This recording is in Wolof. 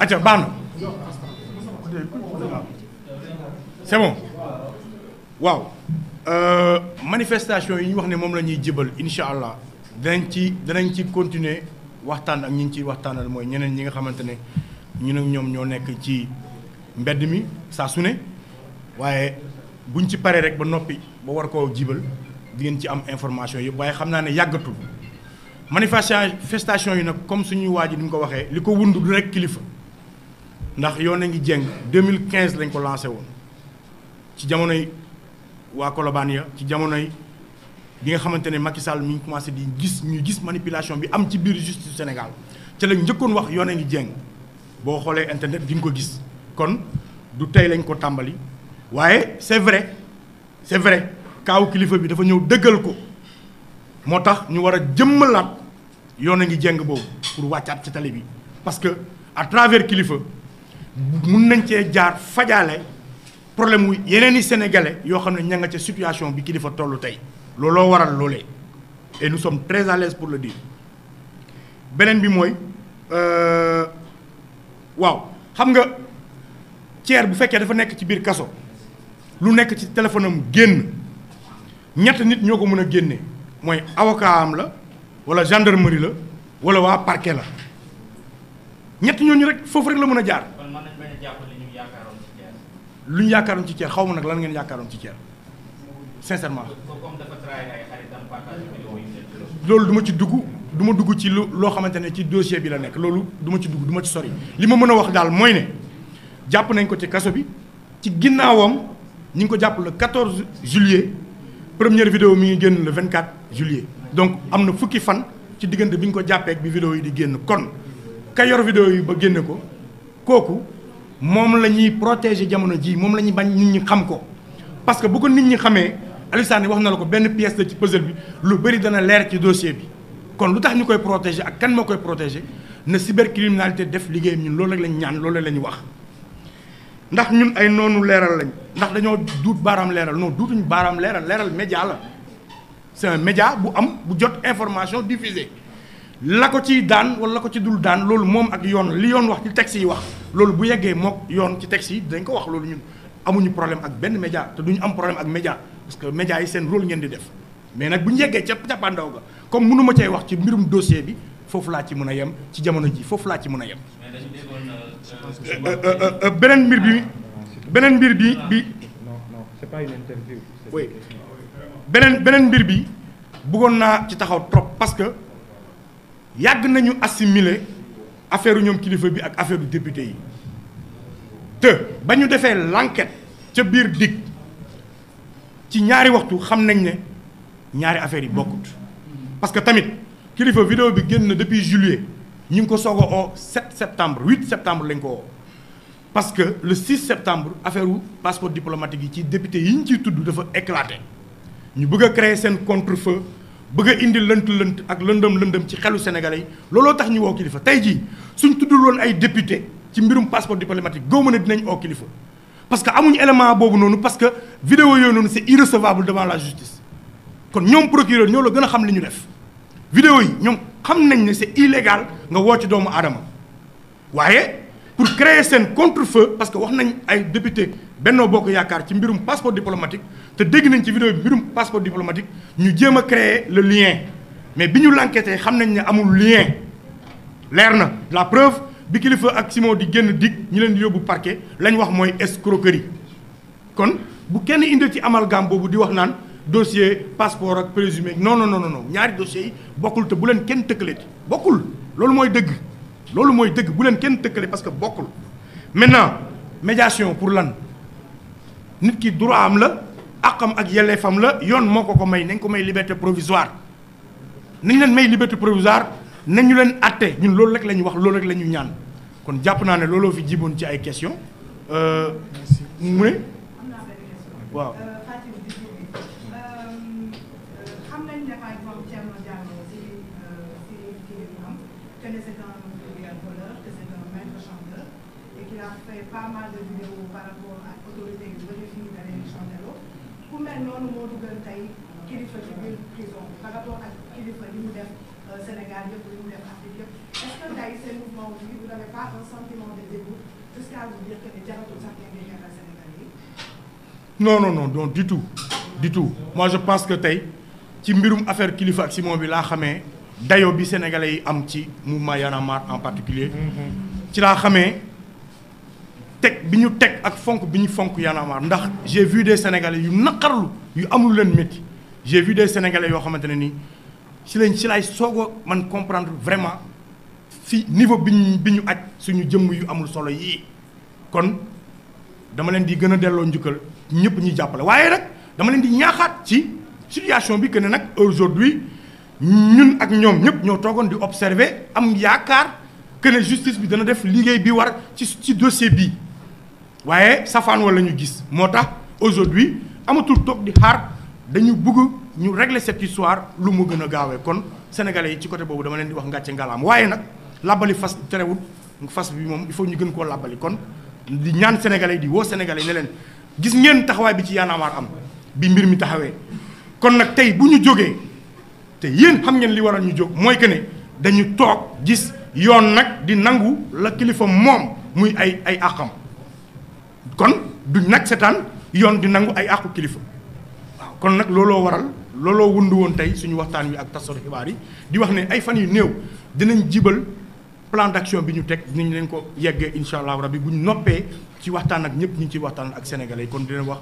acca baax na c'est bon waaw euh, manifestation yi ñu wax ne moom la ñuy jëbal incha allah danañ ci danañ ci continuer waxtaan ak ñu ñu ciy waxtaanal mooy ñeneen ñi nga xamante ne ñun ak ñoom ñoo nekk ci mbedd mi saa su ne waaye buñ ci paree rek ba noppi ba war koo jibal di ngeen ci am information yëpp waaye xam naa ne yàggatul festation yi nag comme suñuy waa ji ni mu ko waxee li ko wundu du rek kilifa ndax yoon a ngi jeng 2015 lañ ko lancé woon ci jamono yi waa Colobane ya ci yi bi nga xamante ne Macky Sall mi ngi commencé di gis ñuy gis manipulation bi am ci biir justice Sénégal ca lañ njëkkoon wax yoon a ngi jeng boo xoolee internet bi nga ko gis kon du tey lañ ko tàmbali waaye c'est vrai c'est vrai kaaw kilifa bi dafa ñëw dëggal ko. moo tax ñu war a jëmmalaat yoon a ngi jeng boobu pour wàccaat ci tali bi parce que à travers kilifa mun nañ cee jaar fajaale problème wu yeneen yi sénégalais yoo xam ne ña nga ca situation bi kilifa tollu tey looloo waral loolee et nous sommes très à pour le dire beneen bi mooy euh, waaw xam nga ceer bu fekkee dafa nekk ci biir kaso lu nekk ci téléphone am génn ñett nit ñoo ko mën a génnee mooy avocat am la wala gendarmerie la wala waa parke la ñetti ñooñu rek foofu rek la mën a jaar. kon mën nañu bañ ci Thiès. lu ñu yaakaaroon ci Thiès xaw ma nag lan ngeen yaakaaroon ci Thiès sincèrement. comme dafa loolu du ci dugg du ma dugg ci lu loo xamante ne ci dossier bi la nekk loolu du ma ci dugg duma ci sori li ma mën a wax daal mooy ne jàpp nañ ko ci kaso bi ci ginnaawam ñu ngi ko jàpp le 14 juillet première vidéo mi ngi génn le 24. juillet donc am na fukki fan ci diggante bi ñu ko jàppee bi video yi di génn kon ka yor yi ba génne ko kooku moom la ñuy protéger jamono ji moom la ñuy bañ nit ñi xam ko parce que bu ko nit ñi xamee Aliou wax na la ko benn pièce la ci puzzle bi lu bëri dana leer ci dossier bi kon lu tax ñu koy protégé ak kan moo koy protéger na cybercriminalité def liggéeyam ñun loolu rek lañ ñaan loolu lañ wax ndax ñun ay noonu leeral lañ ndax dañoo duut baaraam leeral non duutuñu baaraam leeral leeral média la c'est un média bu am bu jot information diffusée la ko ci daan wala la ko ci dul daan loolu moom ak yoon li yoon wax ci texte yi wax loolu bu yeggee mook yoon ci texte yi dañ ko wax loolu ñun amuñu problème ak benn média te duñu am problème ak média parce que média yi seen rôle ngeen di def mais nag bu ñu yeggee ca cappaandaw ga comme mënu ma cee wax ci mbirum dossier bi foofu laa ci mën a yem ci jamono ji foofu laa ci mën a yem. Euh, euh, euh, beneen mbir bi beneen mbi bi bi. c'est pas une beneen beneen mbir bi bëggoon naa ci taxaw trop parce que yàgg nañu assimile affaire ñoom kilifa bi ak affaire du député yi te ba ñu defee l'enquête ca biir dig ci ñaari waxtu xam nañ ne ñaari affaires yi bokkut parce que tamit kilifa vidéo bi génn depuis juillet ñu ngi ko soog a oo 7 septembre 8 septembre lañ ko woo. parce que le 6 septembre affaire wu passeport diplomatique yi ci député yi ñu ciy tudd dafa éclaté ñu bëgg a créer seen contre-feu bëgg a indi lënt lënt ak lëndëm lëndëm ci xelu sénégalais yi looloo tax ñu woo kilifa tey jii suñ tuddul loon ay député ci mbirum passeport diplomatique góob ne dinañ oo kilifa. parce que amuñu élément boobu noonu parce que vidéo yooyu noonu c'est irrecevable devant la justice kon ñoom procureur ñoo la gën a xam li ñu def vidéo yi ñoom xam nañ ne c'est illégal nga woo ci doomu aadama waaye. pour créer seen contre-feu parce que wax nañ ay député Benno Bokk Yaakaar ci mbirum passeport diplomatique te dégg nañ ci vidéo bi mbirum passeport diplomatique ñu jéem a créer le lien mais bi ñu l'enquêté xam nañ ne amul lien leer na la preuve bi kilifa ak Simon di génn dig ñi leen di yóbbu parke lañ wax mooy escroquerie kon bu kenn indi ci amal amalgame boobu di wax naan dossier passeport ak présumé non non non non ñaari dossiers yi bokkul te bu leen kenn tëkkaleeti bokkul loolu mooy dëgg loolu mooy dëgg bu leen kenn tëkkale parce que bokkul maintenant médiation pour lan nit ki droit am la àqam ak yelleefam la yoon moo ko ko may nañ ko may liberté provisoire nañ leen may liberté provisoire nañu leen atte ñun loolu rek la ñu wax loolu rek la ñu ñaan kon jàpp naa ne looloo fi jiboon ci ay question euh, mu ne waaw euh, c'est un violeur, que c'est un maître chanteur et qu'il a fait pas mal de vidéos par rapport ak autorité yi ba ñu fi dalee chantello ku mel noonu moo dugal tey kilifa ci prison par rapport ak kilifa li mu def Sénégal yëpp li mu def Afrique yëpp est-ce que tey seen mouvement bi vous un sentiment de dégoût jusqu'à vous dire que ne jaratul sax ngeen di xelal Sénégal yi non non non non tout du tout moi je pense que tey ci mbirum affaire kilifa bi laa xamee dayo bi sénégalais yi am ci mouvement Y en a marre en particulier ci laa xamee teg bi ñu teg ak fonk bi ñu fonk Y en ndax j'ai vu des sénégalais yu naqarlu yu amul leen métti j'ai vu des sénégalais yoo xamante ne nii ci lañ ci laay soog man comprendre vraiment fi niveau bi ñu bi ñu aj suñu jëmm yu amul solo yii kon dama leen di gën a delloo njukkal ñëpp ñuy jàppale waaye nag dama leen di ñaaxaat ci situation bi que ne nag aujourd'hui ñun ak ñoom ñëpp ñoo toogoon di observer am yaakaar que ne justice bi dana def liggéey bi war ci ci dossier bii waaye safaan wala ñu gis moo tax aujourd'hui amatul toog di xaar dañu bëgg ñu régler cette histoire lu mu gën a gaawee kon sénégalais yi ci côté boobu dama leen di wax ngàcce ngalaam waaye nag làbbali fas terewul fas bi moom il faut ñu gën koo làbbali kon di ñaan sénégalais yi di woo sénégalais yi ne leen gis ngeen taxawaay bi ci yaanaamaar am bi mbir mi taxawee kon nag tey bu ñu jógee te yéen xam ngeen li waral ñu jóg mooy que ne dañu toog gis yoon nag di nangu la kilifa moom muy ay ay àqam kon duñ nag setaan yoon di nangu ay àqu kilifa waaw kon nag looloo waral looloo wundu woon tey suñu waxtaan wi ak tasor xibaar yi di wax ne ay fan yu néew dinañ jibal plan d'action bi ñu teg dinañ leen ko yeggee incha allah rabbi bu ñu noppee ci waxtaan ak ñëpp ñu ngi ci waxtaan ak sénégalais kon dina wax.